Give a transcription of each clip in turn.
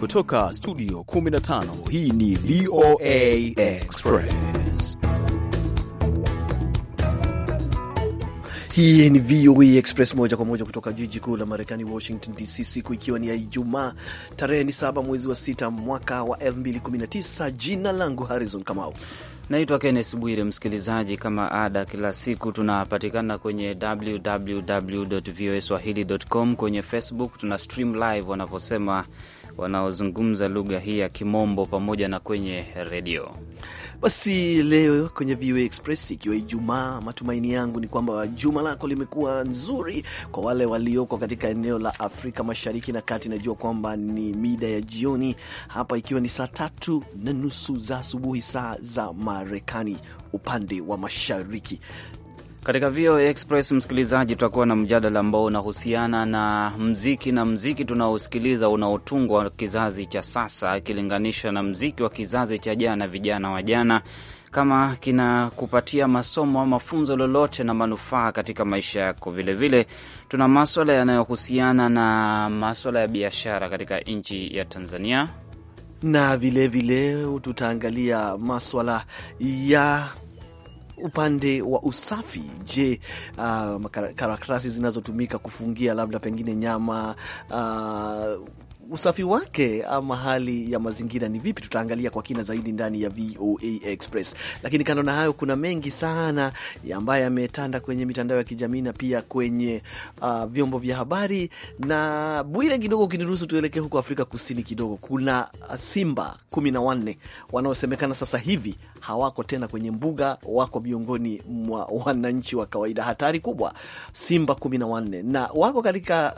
Kutoka studio 15 hii ni VOA Express. Hii ni VOA Express moja kwa moja kutoka jiji kuu la Marekani, Washington DC, siku ikiwa ni ya Ijumaa tarehe ni saba mwezi wa sita mwaka wa 2019. Jina langu Harrison Kamau. Naitwa Kennes Bwire. Msikilizaji, kama ada, kila siku tunapatikana kwenye www voa swahili com, kwenye Facebook tuna stream live wanavyosema wanaozungumza lugha hii ya Kimombo pamoja na kwenye redio. Basi leo kwenye VOA Express, ikiwa Ijumaa, matumaini yangu ni kwamba juma lako limekuwa nzuri. Kwa wale walioko katika eneo la Afrika Mashariki na Kati, najua kwamba ni mida ya jioni hapa, ikiwa ni saa tatu na nusu za asubuhi, saa za Marekani upande wa mashariki. Katika VOA Express msikilizaji, tutakuwa na mjadala ambao unahusiana na mziki na mziki tunaosikiliza unaotungwa wa kizazi cha sasa akilinganisha na mziki wa kizazi cha jana, vijana wa jana, kama kinakupatia masomo au mafunzo lolote na manufaa katika maisha yako. Vilevile tuna maswala yanayohusiana na maswala ya biashara katika nchi ya Tanzania na vilevile tutaangalia maswala ya upande wa usafi, je, uh, karatasi zinazotumika kufungia labda pengine nyama uh, usafi wake ama ah, hali ya mazingira ni vipi, tutaangalia kwa kina zaidi ndani ya VOA Express. Lakini kando na hayo, kuna mengi sana ambayo yametanda kwenye mitandao ya kijamii na pia kwenye uh, vyombo vya habari. Na Bwire, kidogo ukiniruhusu, tuelekee huko Afrika Kusini kidogo. Kuna simba kumi na wanne wanaosemekana sasa hivi hawako tena kwenye mbuga, wako miongoni mwa wananchi wa kawaida. Hatari kubwa, simba kumi na wanne na wako katika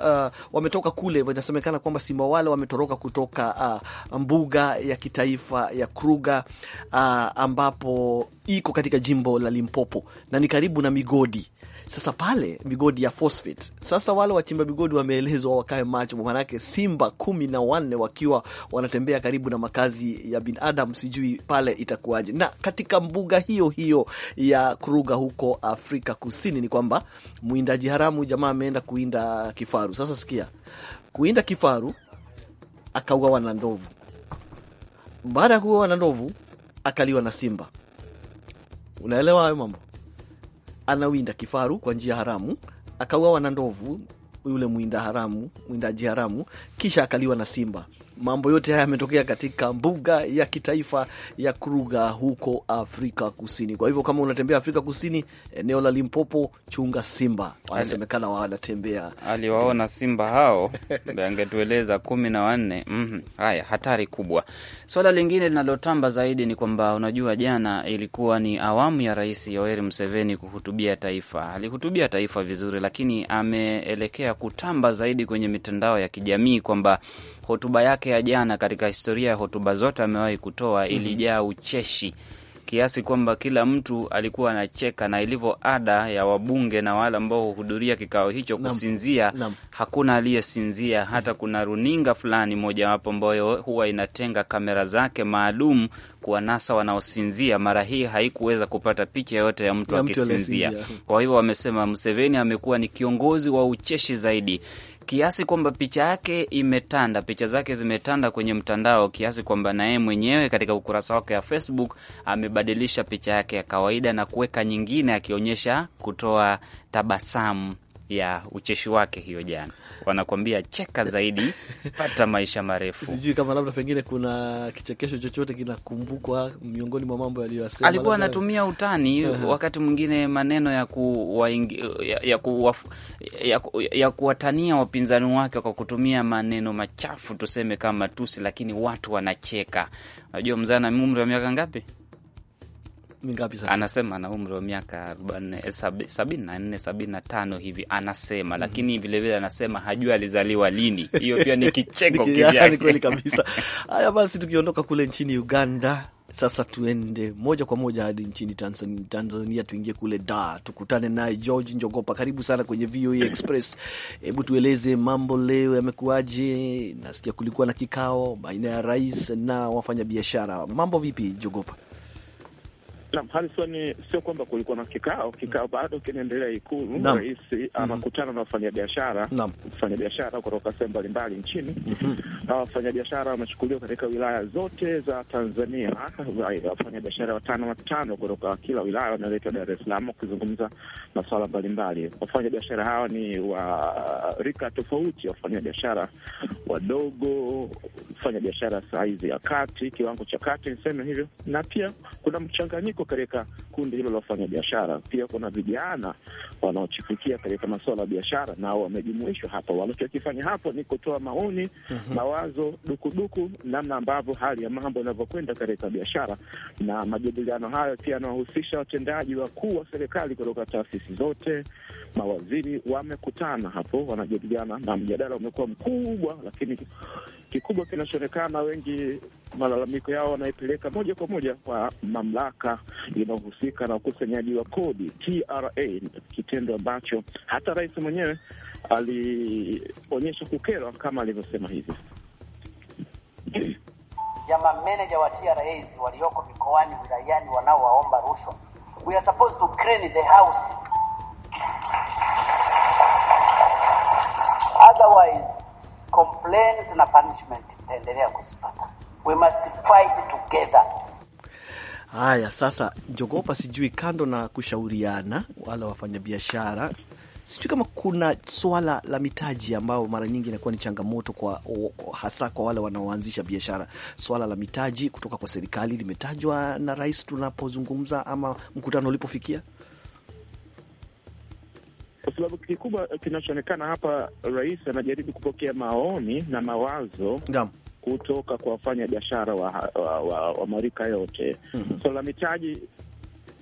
uh, wametoka kule, inasemekana kwamba simba wale wametoroka kutoka uh, mbuga ya kitaifa ya Kruger uh, ambapo iko katika jimbo la Limpopo na ni karibu na migodi sasa pale migodi ya phosphate. Sasa wale wachimba migodi wameelezwa wakae macho, manake simba kumi na wanne wakiwa wanatembea karibu na makazi ya binadamu, sijui pale itakuwaje. Na katika mbuga hiyo hiyo ya Kruger huko Afrika Kusini ni kwamba mwindaji haramu jamaa ameenda kuinda kifaru. Sasa sikia, kuinda kifaru akauawa na ndovu. Baada ya kuuawa na ndovu, akaliwa na simba. Unaelewa hayo mambo? Anawinda kifaru kwa njia haramu, akauawa na ndovu, yule mwinda haramu, mwindaji haramu, kisha akaliwa na simba. Mambo yote haya yametokea katika mbuga ya kitaifa ya Kruger huko Afrika Kusini. Kwa hivyo kama unatembea Afrika Kusini, eneo la Limpopo, chunga simba, wanasemekana wanatembea. Aliwaona simba hao angetueleza kumi na wanne. Mm, -hmm. haya hatari kubwa. Swala lingine linalotamba zaidi ni kwamba unajua, jana ilikuwa ni awamu ya Rais Yoweri Museveni kuhutubia taifa. Alihutubia taifa vizuri, lakini ameelekea kutamba zaidi kwenye mitandao ya kijamii kwamba hotuba yake ya jana, katika historia ya hotuba zote amewahi kutoa, mhm. ilijaa ucheshi kiasi kwamba kila mtu alikuwa anacheka, na ilivyo ada ya wabunge na wale ambao huhudhuria kikao hicho kusinzia, Nam. hakuna aliyesinzia hata. Kuna runinga fulani mojawapo ambayo huwa inatenga kamera zake maalum kuwanasa wanaosinzia. Mara hii haikuweza kupata picha yoyote ya mtu akisinzia. Kwa hivyo wamesema Museveni amekuwa ni kiongozi wa ucheshi zaidi kiasi kwamba picha yake imetanda, picha zake zimetanda kwenye mtandao kiasi kwamba naye mwenyewe katika ukurasa wake wa Facebook amebadilisha picha yake ya kawaida na kuweka nyingine akionyesha kutoa tabasamu ya ucheshi wake hiyo jana, wanakuambia cheka zaidi, pata maisha marefu. Sijui kama labda pengine kuna kichekesho chochote kinakumbukwa miongoni mwa mambo yaliyosema. Alikuwa anatumia utani uh -huh. wakati mwingine maneno ya kuwatania ya kuwatania wapinzani wake kwa kutumia maneno machafu, tuseme kama tusi, lakini watu wanacheka. Unajua mzana umri wa miaka ngapi? mingapi sasa? Anasema ana umri wa miaka eh, sabini na nne sabini na tano hivi anasema, mhm. lakini vilevile anasema hajui alizaliwa lini. Hiyo pia ni kicheko kivyake, kweli kabisa. Haya basi, tukiondoka kule nchini Uganda sasa tuende moja kwa moja hadi nchini Tanzania, Tanzania tuingie kule da tukutane naye George Njogopa. Karibu sana kwenye VOA e Express. Hebu tueleze mambo leo yamekuwaje? Nasikia kulikuwa na kikao baina ya rais na wafanyabiashara, mambo vipi Njogopa? Naam, Harrison, sio kwamba kulikuwa na kikao, kikao bado kinaendelea Ikulu. Rais mhm. anakutana mm -hmm. na wafanyabiashara wafanyabiashara kutoka sehemu mbalimbali nchini mm -hmm. na wafanyabiashara wamechukuliwa katika wilaya zote za Tanzania. Wafanyabiashara watano watano kutoka kila wilaya wanaletwa Dar es Salaam wakizungumza masuala mbalimbali. Wafanyabiashara hawa ni wa rika tofauti, wafanyabiashara wadogo, wafanyabiashara saizi ya kati, kiwango cha kati, niseme hivyo, na pia kuna mchanganyiko iko katika kundi hilo la biashara. Pia kuna vijana wanaochipukia katika masuala ya biashara, nao wamejumuishwa hapo. Wanachokifanya hapo ni kutoa maoni, mhm. mawazo, dukuduku, namna ambavyo hali ya mambo inavyokwenda katika biashara, na majadiliano hayo pia yanawahusisha watendaji wakuu wa serikali kutoka taasisi zote, mawaziri wamekutana hapo, wanajadiliana na mjadala umekuwa mkubwa, lakini Kikubwa kinachoonekana wengi malalamiko yao wanaipeleka moja kwa moja kwa mamlaka inayohusika na ukusanyaji wa kodi TRA, kitendo ambacho hata rais mwenyewe alionyesha kukerwa kama alivyosema hivi. ya mameneja wa TRA walioko mikoani, wilayani, wanaowaomba rushwa, we are supposed to clean the house otherwise complaints na punishment itaendelea kuzipata. We must fight together. Haya sasa, jogopa, sijui kando na kushauriana wala wafanyabiashara, sijui kama kuna swala la mitaji ambayo mara nyingi inakuwa ni changamoto kwa hasa kwa wale wanaoanzisha biashara. Swala la mitaji kutoka kwa serikali limetajwa na rais tunapozungumza ama mkutano ulipofikia? sababu kikubwa kinachoonekana hapa, rais anajaribu kupokea maoni na mawazo Dam kutoka kwa wafanya biashara wa, wa, wa, wa marika yote mm -hmm. Swala so, la mitaji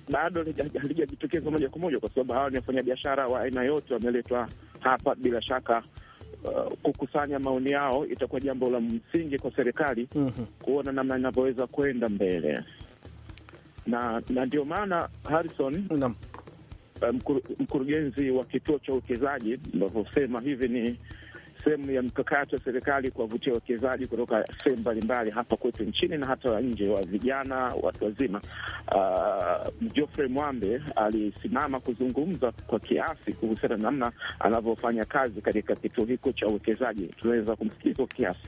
bado halijajitokeza moja kwa moja, kwa sababu hawa ni wafanya biashara wa aina yote, wameletwa hapa bila shaka. Uh, kukusanya maoni yao itakuwa jambo la msingi kwa serikali mm -hmm. kuona namna inavyoweza kwenda mbele na na ndio maana Harrison mm -hmm. Eh, mkurugenzi wa kituo cha uwekezaji unavyosema hivi ni sehemu ya mkakati wa serikali kuwavutia wawekezaji kutoka sehemu mbalimbali hapa kwetu nchini na hata nje, wa vijana, watu wazima. Uh, Geoffrey Mwambe alisimama kuzungumza kwa kiasi kuhusiana na namna anavyofanya kazi katika kituo hiko cha uwekezaji. Tunaweza kumsikiliza kwa kiasi.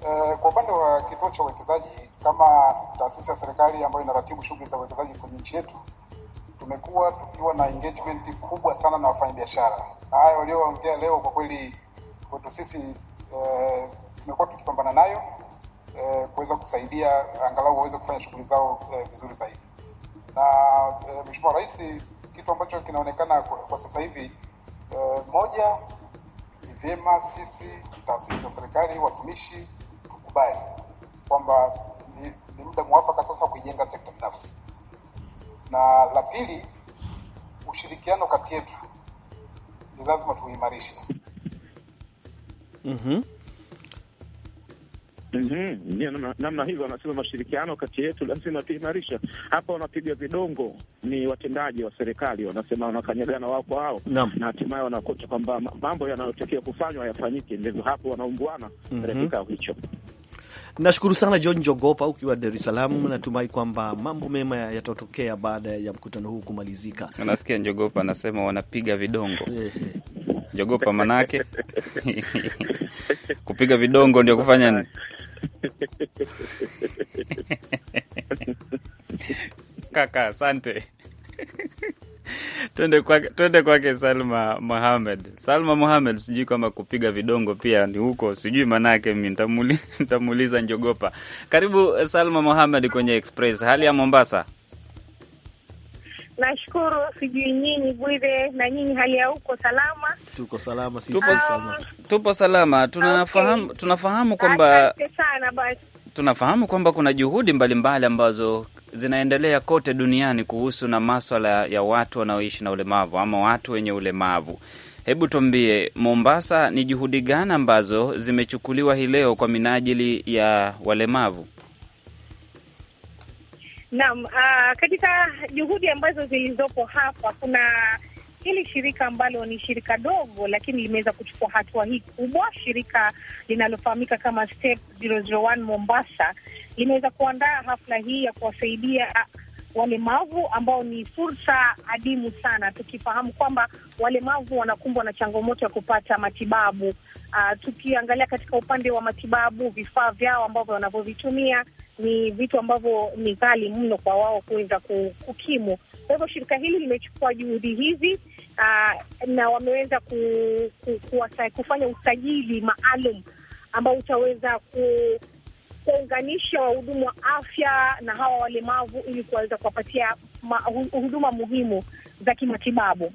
Uh, kwa upande wa kituo cha uwekezaji kama taasisi ya serikali ambayo inaratibu shughuli za uwekezaji kwenye nchi yetu, tumekuwa tukiwa na engagement kubwa sana na wafanyabiashara. na Haya walioongea leo kwa kweli kwetu sisi eh, tumekuwa tukipambana nayo eh, kuweza kusaidia angalau waweze kufanya shughuli zao eh, vizuri zaidi. Na eh, Mheshimiwa Rais, kitu ambacho kinaonekana kwa, kwa sasa hivi eh, moja ni vyema sisi taasisi za serikali, watumishi tukubali kwamba ni muda mwafaka sasa kuijenga sekta binafsi, na la pili, ushirikiano kati yetu ni lazima tuuimarishe. mm -hmm. Mm -hmm. Namna, namna hivyo anasema mashirikiano kati yetu lazima tuimarisha. Hapa wanapiga vidongo ni watendaji wa serikali, wanasema wanakanyagana wao kwa wao na hatimaye wanakuta kwamba mambo yanayotakiwa kufanywa yafanyike, ndivyo hapo wanaumbuana mhm. katika mm -hmm. hicho Nashukuru sana John Jogopa ukiwa Dar es Salaam. Mm. Natumai kwamba mambo mema yatatokea baada ya mkutano huu kumalizika. Nasikia Njogopa anasema wanapiga vidongo eh. Jogopa manake kupiga vidongo ndio kufanya Kaka, asante. Twende kwake, twende kwake Salma muhamed Salma muhamed sijui kama kupiga vidongo pia ni huko, sijui maanake mi ntamuuliza njogopa. Karibu eh, Salma Mohamed kwenye Express. Hali ya Mombasa? Nashukuru, sijui nyinyi Bwire na nyinyi, hali ya huko salama? Tuko salama sisi, tupo salama, tupo salama. Tunafahamu, okay. Tunafahamu kwamba asante sana basi tunafahamu kwamba kuna juhudi mbalimbali mbali ambazo zinaendelea kote duniani kuhusu na maswala ya watu wanaoishi na ulemavu ama watu wenye ulemavu. Hebu tuambie, Mombasa, ni juhudi gani ambazo zimechukuliwa hii leo kwa minajili ya walemavu? Naam, uh, katika juhudi ambazo zilizopo hapa kuna hili shirika ambalo ni shirika dogo lakini limeweza kuchukua hatua hii kubwa, shirika linalofahamika kama Step 001 Mombasa limeweza kuandaa hafla hii ya kuwasaidia walemavu ambao ni fursa adimu sana, tukifahamu kwamba walemavu wanakumbwa na changamoto ya kupata matibabu. Uh, tukiangalia katika upande wa matibabu, vifaa vyao ambavyo wanavyovitumia ni vitu ambavyo ni ghali mno kwa wao kuweza kukimu kwa hivyo shirika hili limechukua juhudi hizi uh, na wameweza ku, ku, ku, kufanya usajili maalum ambao utaweza ku kuunganisha wahudumu wa afya na hawa walemavu ili kuwaweza kuwapatia huduma muhimu za kimatibabu.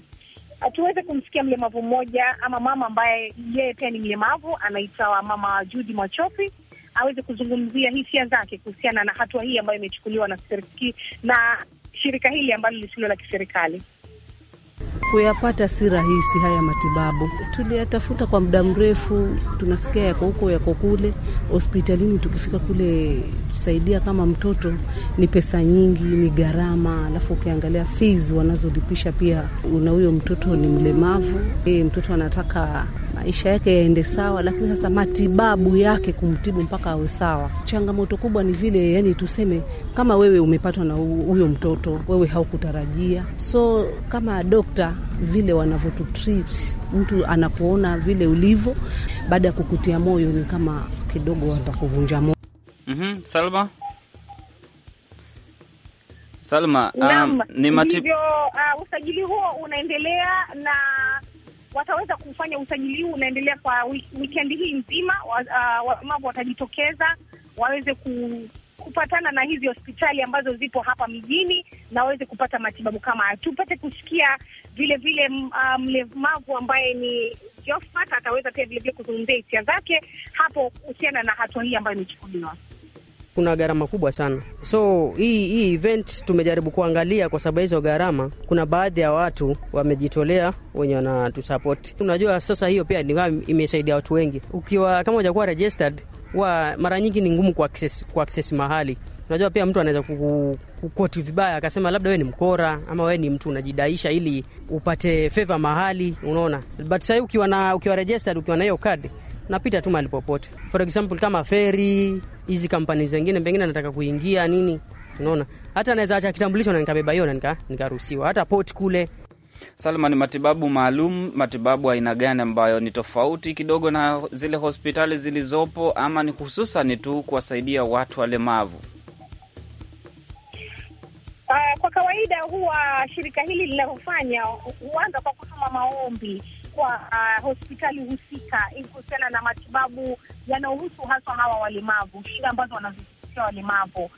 Tuweze kumsikia mlemavu mmoja ama mama ambaye yeye pia ni mlemavu, anaitwa Mama judi Machopi, aweze kuzungumzia hisia zake kuhusiana na hatua hii ambayo imechukuliwa na serikali na shirika hili ambalo lisilo la kiserikali kuyapata si rahisi haya matibabu. Tuliyatafuta kwa muda mrefu, tunasikia yako huko yako kule hospitalini. Tukifika kule tusaidia kama mtoto, ni pesa nyingi, ni gharama, alafu ukiangalia fees wanazolipisha pia. Na huyo mtoto ni mlemavu, e, mtoto anataka maisha yake yaende sawa, lakini sasa matibabu yake kumtibu mpaka awe sawa, changamoto kubwa ni vile, yani tuseme kama wewe umepatwa na huyo mtoto, wewe haukutarajia, so kama dokta vile wanavyotutreat, mtu anakuona vile ulivyo, baada ya kukutia moyo ni kama kidogo watakuvunja moyo. mm -hmm. Salma Salma, um, ni hivyo, uh, usajili huo unaendelea na wataweza kufanya usajili huu unaendelea kwa wikendi hii nzima. Walemavu uh, watajitokeza waweze ku kupatana na hizi hospitali ambazo zipo hapa mijini na waweze kupata matibabu kama, tupate kusikia vile vile mm, ah, mlemavu um, ambaye ni Josephat ataweza pia vile vile kuzungumzia hisia zake hapo kuhusiana na hatua hii ambayo imechukuliwa. Kuna gharama kubwa sana, so hii hii event tumejaribu kuangalia kwa sababu hizo gharama. Kuna baadhi ya watu wamejitolea wenye wanatusapoti. Unajua sasa hiyo pia imesaidia watu wengi, ukiwa kama hujakuwa registered huwa mara nyingi ni ngumu ku access, access mahali. Unajua pia mtu anaweza kukoti vibaya akasema labda wewe ni mkora ama wewe ni mtu unajidaisha ili upate feva mahali, unaona. But sasa ukiwa na ukiwa registered ukiwa na hiyo card napita tu mahali popote. For example kama ferry, hizi kampani zingine pengine nataka kuingia nini, unaona. Hata naweza acha kitambulisho na nikabeba hiyo na nikaruhusiwa. Hata port kule Salma, ni matibabu maalum, matibabu aina gani ambayo ni tofauti kidogo na zile hospitali zilizopo, ama ni hususani tu kuwasaidia watu walemavu? Uh, kwa kawaida huwa shirika hili linalofanya huanza kwa kutuma maombi kwa uh, hospitali husika ili kuhusiana na matibabu yanayohusu haswa hawa walemavu, shida ambazo wanazopitia walemavu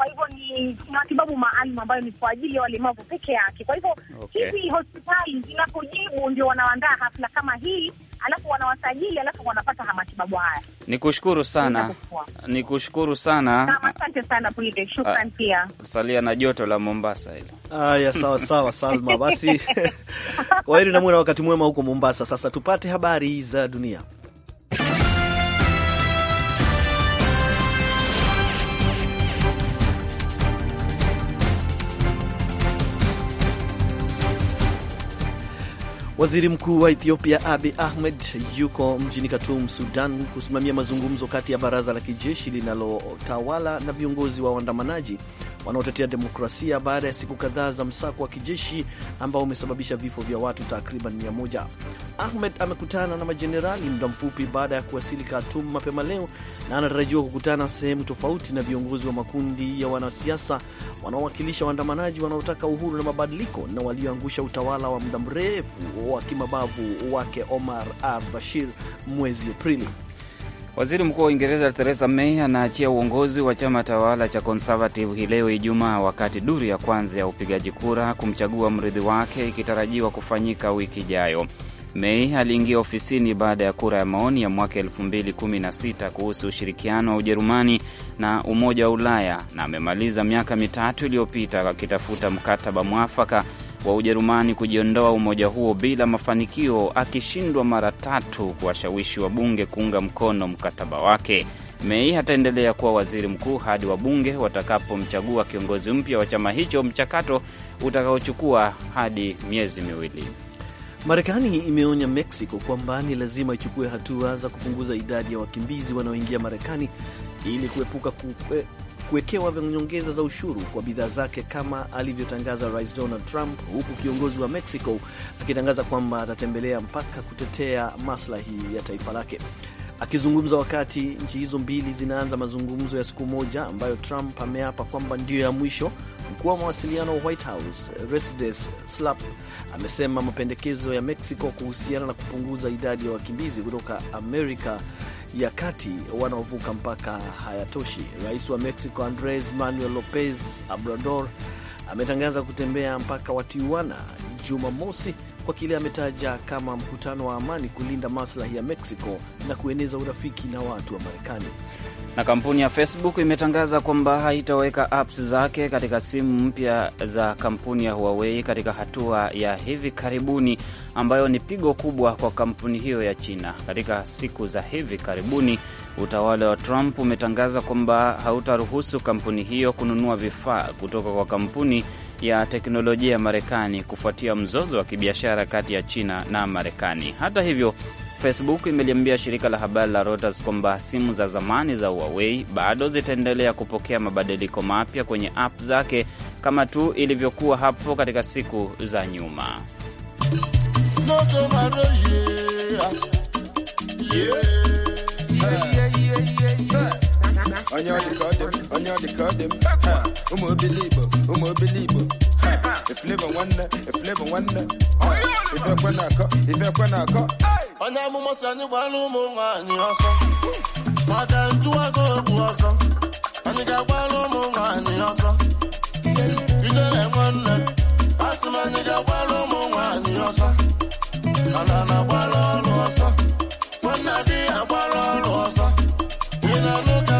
kwa hivyo ni matibabu maalum ambayo ni kwa ajili ya walemavu peke yake. Kwa hivyo hizi okay, hospitali zinapojibu ndio wanaandaa hafla kama hii alafu wanawasajili alafu wanapata matibabu haya. Nikushukuru sana, kushukuru sana, asante sana Bwide, shukran ah, pia. Salia na joto la Mombasa hilo. Haya, sawa sawa Salma, basi kwa na muwe na wakati mwema huko Mombasa. Sasa tupate habari za dunia. Waziri Mkuu wa Ethiopia Abi Ahmed yuko mjini Khartoum, Sudan, kusimamia mazungumzo kati ya baraza la kijeshi linalotawala na viongozi wa waandamanaji wanaotetea demokrasia baada ya siku kadhaa za msako wa kijeshi ambao umesababisha vifo vya watu takriban mia moja. Ahmed amekutana na majenerali muda mfupi baada ya kuwasili Khartoum mapema leo na anatarajiwa kukutana sehemu tofauti na viongozi wa makundi ya wanasiasa wanaowakilisha waandamanaji wanaotaka uhuru na mabadiliko na walioangusha utawala wa muda mrefu wa kimabavu wake Omar al-Bashir mwezi Aprili. Waziri Mkuu wa Uingereza Theresa May anaachia uongozi wa chama tawala cha Conservative hii leo Ijumaa, wakati duru ya kwanza ya upigaji kura kumchagua mrithi wake ikitarajiwa kufanyika wiki ijayo. May aliingia ofisini baada ya kura ya maoni ya mwaka 2016 kuhusu ushirikiano wa Ujerumani na Umoja wa Ulaya na amemaliza miaka mitatu iliyopita akitafuta mkataba mwafaka wa Ujerumani kujiondoa umoja huo bila mafanikio, akishindwa mara tatu kuwashawishi wabunge kuunga mkono mkataba wake. Mei ataendelea kuwa waziri mkuu hadi wabunge watakapomchagua kiongozi mpya wa chama hicho, mchakato utakaochukua hadi miezi miwili. Marekani imeonya Mexico kwamba ni lazima ichukue hatua za kupunguza idadi ya wakimbizi wanaoingia Marekani ili kuepuka kuwekewa nyongeza za ushuru kwa bidhaa zake kama alivyotangaza Rais Donald Trump, huku kiongozi wa Mexico akitangaza kwamba atatembelea mpaka kutetea maslahi ya taifa lake. Akizungumza wakati nchi hizo mbili zinaanza mazungumzo ya siku moja ambayo Trump ameapa kwamba ndiyo ya mwisho, mkuu wa mawasiliano wa White House Residence Slap amesema mapendekezo ya Mexico kuhusiana na kupunguza idadi ya wakimbizi kutoka Amerika ya kati wanaovuka mpaka hayatoshi. Rais wa Mexico Andres Manuel Lopez Obrador ametangaza kutembea mpaka wa Tijuana Jumamosi kwa kile ametaja kama mkutano wa amani kulinda maslahi ya Mexico na kueneza urafiki na watu wa Marekani. Na kampuni ya Facebook imetangaza kwamba haitaweka apps zake katika simu mpya za kampuni ya Huawei katika hatua ya hivi karibuni ambayo ni pigo kubwa kwa kampuni hiyo ya China. Katika siku za hivi karibuni, utawala wa Trump umetangaza kwamba hautaruhusu kampuni hiyo kununua vifaa kutoka kwa kampuni ya teknolojia ya Marekani kufuatia mzozo wa kibiashara kati ya China na Marekani. Hata hivyo Facebook imeliambia shirika la habari la Reuters kwamba simu za zamani za Huawei bado zitaendelea kupokea mabadiliko mapya kwenye app zake kama tu ilivyokuwa hapo katika siku za nyuma. If live and wonder, if live and wonder. If you're gonna cut, if you're gonna cut. And I'm I anyone who moves on your son. Mother, do I go to us? And you got one more moves on your son. You don't wonder. Ask the man, you got one more moves on your And I'm a one who moves on. One idea, one who moves on. You don't know.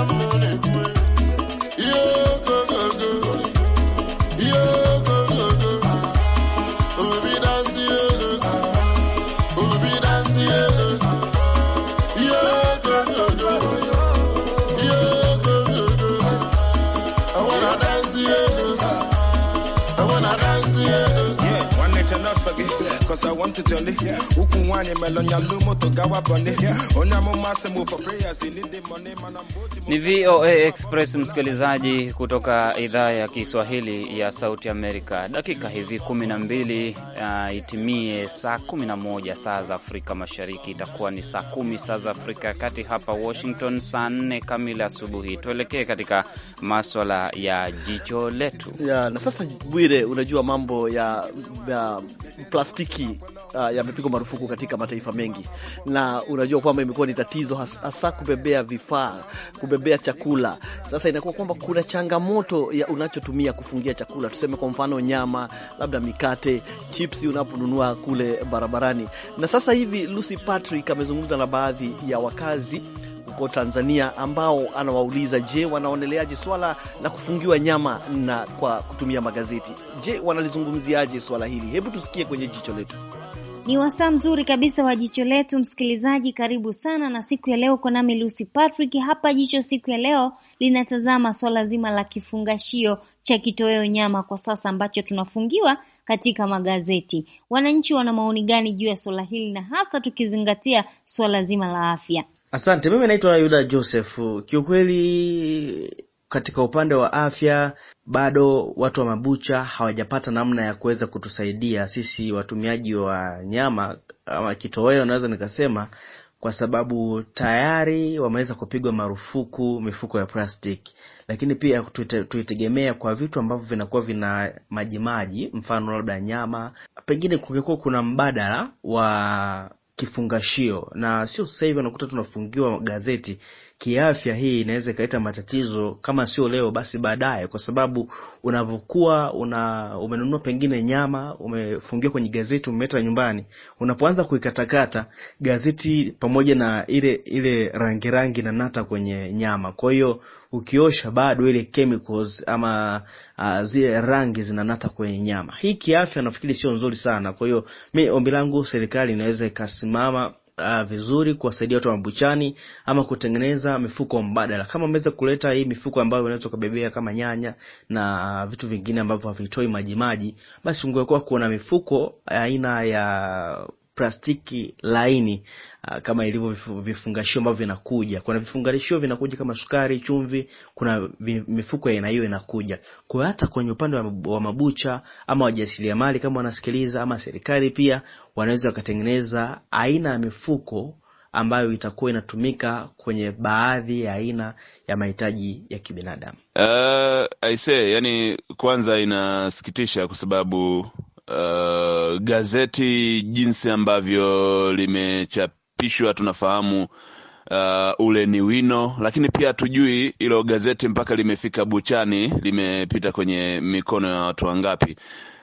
Ni VOA Express, msikilizaji kutoka idhaa ya Kiswahili ya Sauti Amerika. Dakika hivi kumi na mbili uh, itimie saa moja saa za Afrika Mashariki, itakuwa ni saa kumi saa za Afrika ya Kati, hapa Washington saa 4 kamili asubuhi. Tuelekee katika maswala ya jicho letu ya, na sasa Bwire, unajua mambo ya, ya plastiki uh, yamepigwa marufuku katika mataifa mengi, na unajua kwamba imekuwa ni tatizo hasa kubebea vifaa, kubebea chakula. Sasa inakuwa kwamba kuna changamoto ya unachotumia kufungia chakula, tuseme kwa mfano nyama, labda mikate, chip chipsi unaponunua kule barabarani. Na sasa hivi Lucy Patrick amezungumza na baadhi ya wakazi huko Tanzania ambao anawauliza, je, wanaoneleaje swala la kufungiwa nyama na kwa kutumia magazeti? Je, wanalizungumziaje swala hili? Hebu tusikie kwenye jicho letu. Ni wasaa mzuri kabisa wa jicho letu, msikilizaji, karibu sana na siku ya leo uko nami Lucy Patrick hapa. Jicho siku ya leo linatazama swala zima la kifungashio cha kitoweo nyama kwa sasa ambacho tunafungiwa katika magazeti. Wananchi wana maoni gani juu ya swala hili, na hasa tukizingatia swala zima la afya? Asante. Mimi naitwa Yuda Joseph. Kiukweli katika upande wa afya bado watu wa mabucha hawajapata namna ya kuweza kutusaidia sisi watumiaji wa nyama ama kitoweo, naweza nikasema, kwa sababu tayari wameweza kupigwa marufuku mifuko ya plastic lakini pia tuitegemea kwa vitu ambavyo vinakuwa vina majimaji, mfano labda nyama. Pengine kungekuwa kuna mbadala wa kifungashio, na sio sasa hivi unakuta tunafungiwa gazeti kiafya hii inaweza ikaleta matatizo kama sio leo basi baadaye, kwa sababu unavyokuwa una umenunua pengine nyama umefungiwa kwenye gazeti umeleta nyumbani, unapoanza kuikatakata gazeti pamoja na ile ile rangi rangi na nata kwenye nyama, kwa hiyo ukiosha bado ile chemicals ama uh, zile rangi zinanata kwenye nyama. Hii kiafya nafikiri sio nzuri sana. Kwa hiyo mi ombi langu serikali inaweza ikasimama uh, vizuri kuwasaidia watu wa mabuchani ama kutengeneza mifuko mbadala, kama ameweza kuleta hii mifuko ambayo unaweza kubebea kama nyanya na vitu vingine ambavyo havitoi maji maji, basi ungekuwa kuna mifuko aina ya plastiki laini uh, kama ilivyo vifungashio ambavyo vinakuja. Kuna vifungashio vinakuja kama sukari, chumvi, kuna mifuko ya aina hiyo inakuja. Kwa hiyo hata kwenye upande wa mabucha ama wajasiriamali kama wanasikiliza ama serikali pia wanaweza wakatengeneza aina ya mifuko ambayo itakuwa inatumika kwenye baadhi ya aina ya mahitaji ya kibinadamu. Uh, I say, yani kwanza inasikitisha kwa sababu uh, gazeti jinsi ambavyo limechapishwa tunafahamu uh, ule ni wino, lakini pia hatujui ilo gazeti mpaka limefika buchani limepita kwenye mikono ya watu wangapi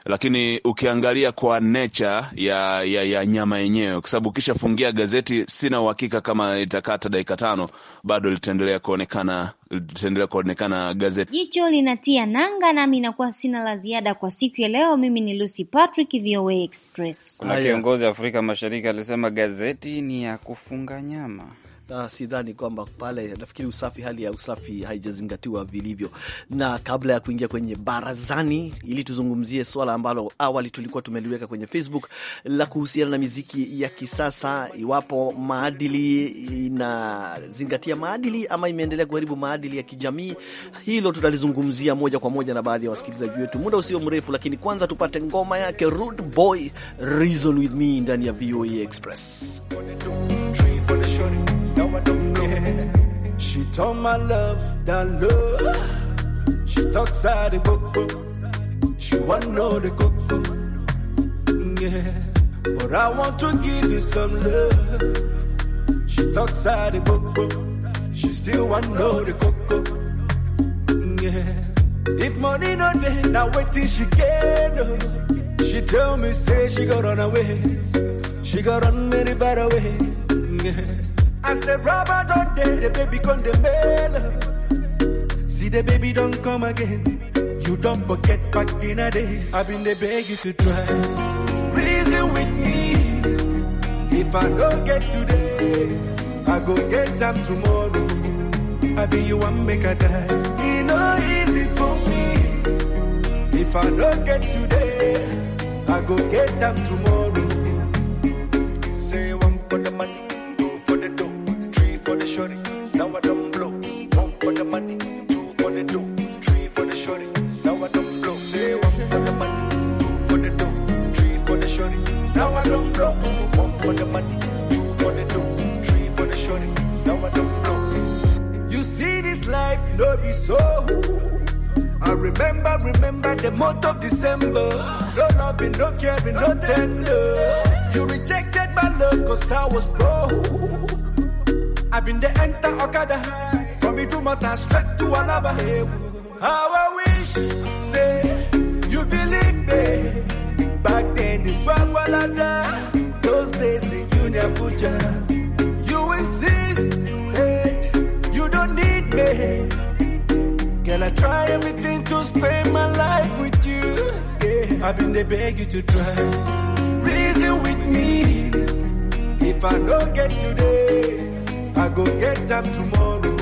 lakini ukiangalia kwa nature ya, ya, ya nyama yenyewe, kwa sababu ukishafungia gazeti, sina uhakika kama itakata dakika tano, bado litaendelea kuonekana litaendelea kuonekana gazeti. Jicho linatia nanga, nami nakuwa sina la ziada kwa siku ya leo. Mimi ni Lucy Patrick, VOA Express. Kuna kiongozi wa Afrika Mashariki alisema gazeti ni ya kufunga nyama. Uh, sidhani kwamba pale, nafikiri usafi, hali ya usafi haijazingatiwa vilivyo. Na kabla ya kuingia kwenye barazani, ili tuzungumzie swala ambalo awali tulikuwa tumeliweka kwenye Facebook la kuhusiana na miziki ya kisasa, iwapo maadili inazingatia maadili ama imeendelea kuharibu maadili ya kijamii. Hilo tutalizungumzia moja kwa moja na baadhi ya wasikilizaji wetu muda usio mrefu, lakini kwanza tupate ngoma yake Rude Boy Reason With Me ndani ya VOA e Express. I don't know. She told my love that love. She talks out the coco. She want know the coco. Yeah. But I want to give you some love. She talks out the coco. She still want know the coco. Yeah. If money no day, now wait till she get. Oh. She tell me say she got run away. She got run many better way. Yeah. As the rubber don't day, the baby gone the mail. See the baby don't come again. You don't forget back in a days. I've been the beg you to try. Reason with me. If I don't get today, I go get time tomorrow. I be you one make a die. It no easy for me. If I don't get today, I go get them tomorrow. life no be so. I remember, remember the month of December. No loving, no caring, no tender. You rejected my love cause I was broke. I've been the enter Okada high. From Idumata straight to Alaba. How I wish, say, you believe me. Back then it was Walada. Those days in Junior Puja. I try everything to spend my life with you. Yeah, I've been there, beg you to try. Reason with me. If I don't get today, I go get them tomorrow.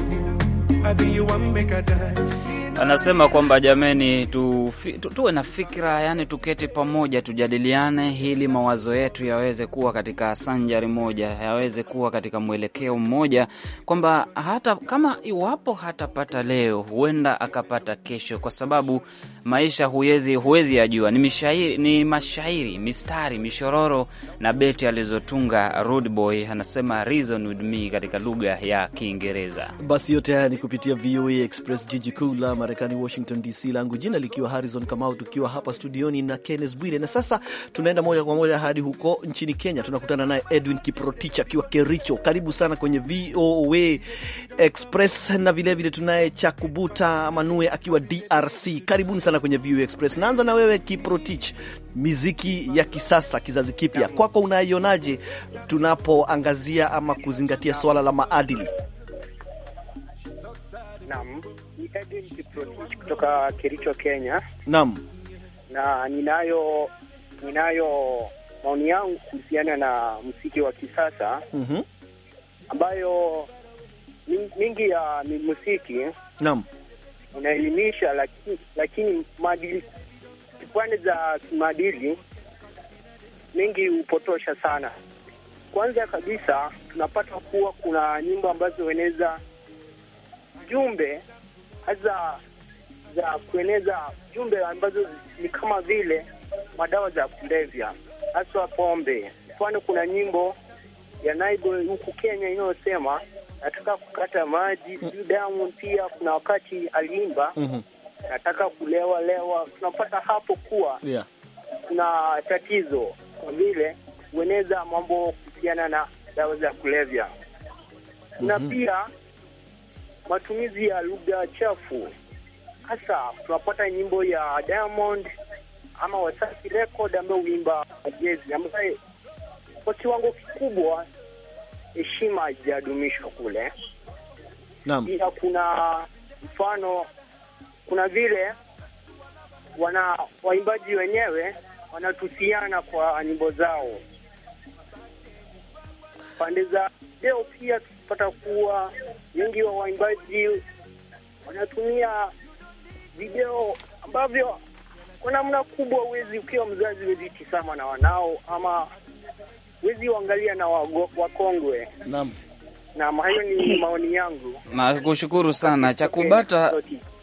I be you one make a die. anasema kwamba jameni, tu, tu, tuwe na fikra, yani tuketi pamoja, tujadiliane ili mawazo yetu yaweze kuwa katika sanjari moja, yaweze kuwa katika mwelekeo mmoja, kwamba hata kama iwapo hatapata leo, huenda akapata kesho, kwa sababu maisha huwezi huwezi yajua. Ni, mishairi, ni mashairi, mistari, mishororo na beti alizotunga Rude Boy, anasema reason with me katika lugha ya Kiingereza. Basi yote haya ni kupitia VOA Express, jiji kuu la Marekani, Washington DC, langu jina likiwa Harrison Kamau, tukiwa hapa studioni na Kennes Bwire. Na sasa tunaenda moja kwa moja hadi huko nchini Kenya, tunakutana naye Edwin Kiprotich akiwa Kericho. Karibu sana kwenye VOA Express, na vilevile tunaye Chakubuta Manue akiwa DRC. Karibuni sana kwenye VOA Express. Naanza na wewe Kiprotich, miziki ya kisasa kizazi kipya kwako, unaionaje tunapoangazia ama kuzingatia swala la maadili? Naam, Edwin Kiprotich kutoka Kericho, Kenya. Naam, na ninayo ninayo maoni yangu kuhusiana na muziki wa kisasa mm -hmm. ambayo mingi ya uh, muziki naam unaelimisha, lakini lakini maadili kipande za kimaadili mingi hupotosha sana. Kwanza kabisa tunapata kuwa kuna nyimbo ambazo hueneza jumbe hasa za kueneza jumbe ambazo ni kama vile madawa za kulevya haswa pombe. Mfano, kuna nyimbo ya Naibu huku Kenya inayosema nataka kukata maji juu. Mm. damu pia kuna wakati aliimba mm -hmm. nataka kulewa lewa. Tunapata hapo kuwa yeah. kuna tatizo kwa vile kueneza mambo kuhusiana na dawa za kulevya mm -hmm. na mm-hmm. pia matumizi ya lugha chafu. Hasa tunapata nyimbo ya Diamond ama Wasafi Record ambayo huimba jazz, ambaye kwa kiwango kikubwa heshima haijadumishwa kule. Naam, pia kuna mfano, kuna vile wana waimbaji wenyewe wanatusiana kwa nyimbo zao pande za leo pia pata kuwa wengi wa waimbaji wanatumia video ambavyo kwa namna kubwa huwezi, ukiwa mzazi huwezi tisama na wanao ama huwezi uangalia na wakongwe. Naam, naam, hayo ni maoni yangu. Nakushukuru sana Chakubata.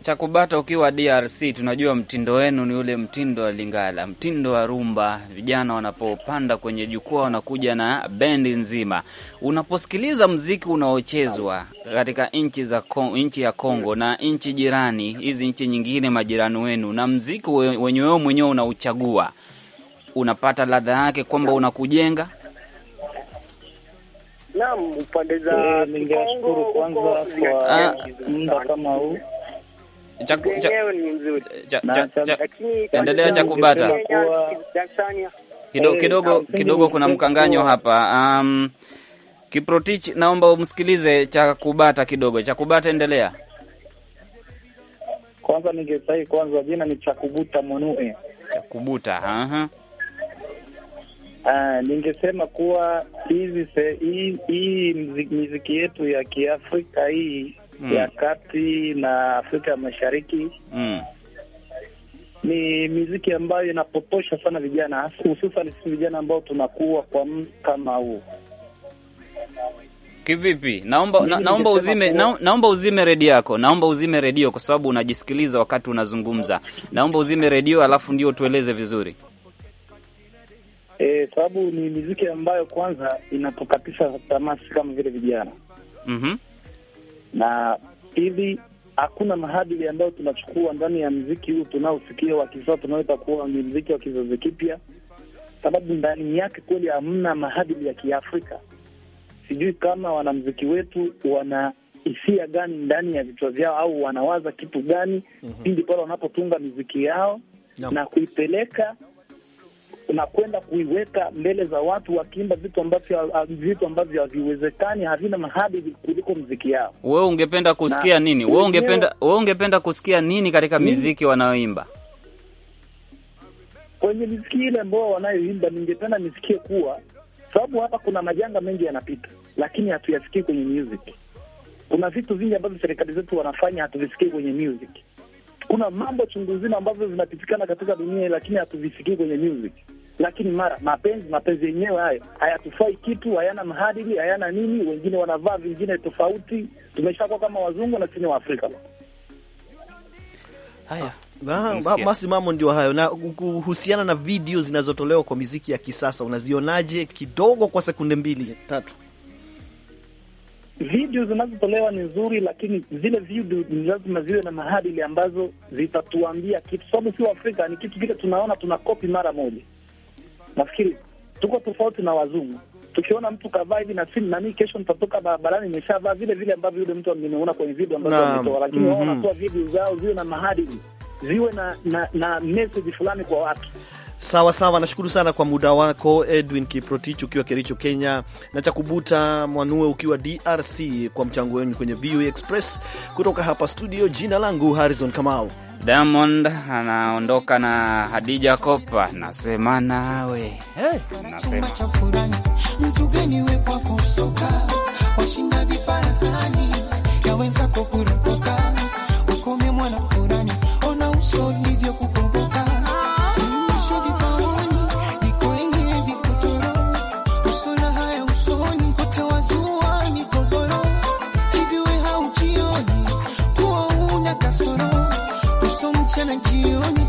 Chakubata, ukiwa DRC tunajua mtindo wenu ni ule mtindo wa Lingala, mtindo wa rumba. Vijana wanapopanda kwenye jukwaa wanakuja na bendi nzima. Unaposikiliza mziki unaochezwa katika nchi za nchi ya Kongo na nchi jirani, hizi nchi nyingine majirani wenu, na mziki wenye wewe mwenyewe unauchagua, unapata ladha yake, kwamba unakujenga Naam, upande za Kongo kwanza kwa muda kama huu endelea Chakubata, kidogo eh, kidogo kidogo, kuna mkanganyo hapa. Um, Kiprotich, naomba umsikilize cha kubata kidogo. cha kubata endelea. Kwanza ningesahi kwanza, jina ni Monue, cha kubuta. Aha. Uh, ningesema kuwa hizi hii muziki yetu ya Kiafrika hii mm. ya kati na Afrika ya Mashariki mm. ni miziki ambayo inapotosha sana vijana, hususan sisi vijana ambao tunakuwa kwa kama huu. Kivipi? Naomba na, naomba uzime na, naomba uzime redio yako, naomba uzime redio kwa sababu unajisikiliza wakati unazungumza. Naomba uzime redio alafu ndio tueleze vizuri. E, sababu ni miziki ambayo kwanza inatukatisha tamaa kama vile vijana mm -hmm na pili, hakuna maadili ambayo tunachukua ndani ya mziki huu tunaosikia wa kisasa tunaoita kuwa ni mziki wa kizazi kipya, sababu ndani yake kweli hamna maadili ya Kiafrika. Sijui kama wanamziki wetu wana hisia gani ndani ya vichwa vyao au wanawaza kitu gani mhm. pindi mm -hmm. pale wanapotunga miziki yao no. na kuipeleka unakwenda kuiweka mbele za watu wakiimba vitu ambavyo vitu ambavyo haviwezekani, havina mahadi kuliko mziki yao. Wewe ungependa kusikia na nini? Wewe ungependa wewe ungependa kusikia nini katika miziki wanayoimba kwenye miziki ile ambao wanayoimba? Ningependa nisikie kuwa sababu hapa kuna majanga mengi yanapita, lakini hatuyasikii kwenye music. Kuna vitu vingi ambavyo serikali zetu wanafanya hatuvisikii kwenye music kuna mambo chungu nzima ambavyo vinapitikana katika dunia, lakini hatuvisikii kwenye music. Lakini mara mapenzi, mapenzi yenyewe hayo hayatufai kitu, hayana mhadili hayana nini. Wengine wanavaa vingine tofauti, tumeshakuwa kama wazungu na sini wa Afrika. Haya ah, basi, mambo ndio hayo. Na kuhusiana na video zinazotolewa kwa miziki ya kisasa, unazionaje kidogo kwa sekunde mbili tatu? video zinazotolewa ni nzuri, lakini zile video lazima ziwe na maadili ambazo zitatuambia kitu, sababu sio Afrika ni kitu kile tunaona tuna kopi mara moja. Nafikiri tuko tofauti na wazungu. Tukiona mtu kavaa hivi na simu, nami kesho nitatoka barabarani nimeshavaa vile vile ambavyo yule mtu ameniona kwenye video ambazo ametoa, lakini mhm. wao wanatoa video zao ziwe na maadili, ziwe na na, na message fulani kwa watu. Sawa sawa, nashukuru sana kwa muda wako Edwin Kiprotich ukiwa Kericho, Kenya, na Chakubuta Mwanue ukiwa DRC kwa mchango wenu kwenye VOA Express. Kutoka hapa studio, jina langu Harrison Kamau. Diamond anaondoka na Hadija Kopa, nasema nawe hey, nasema mchana jioni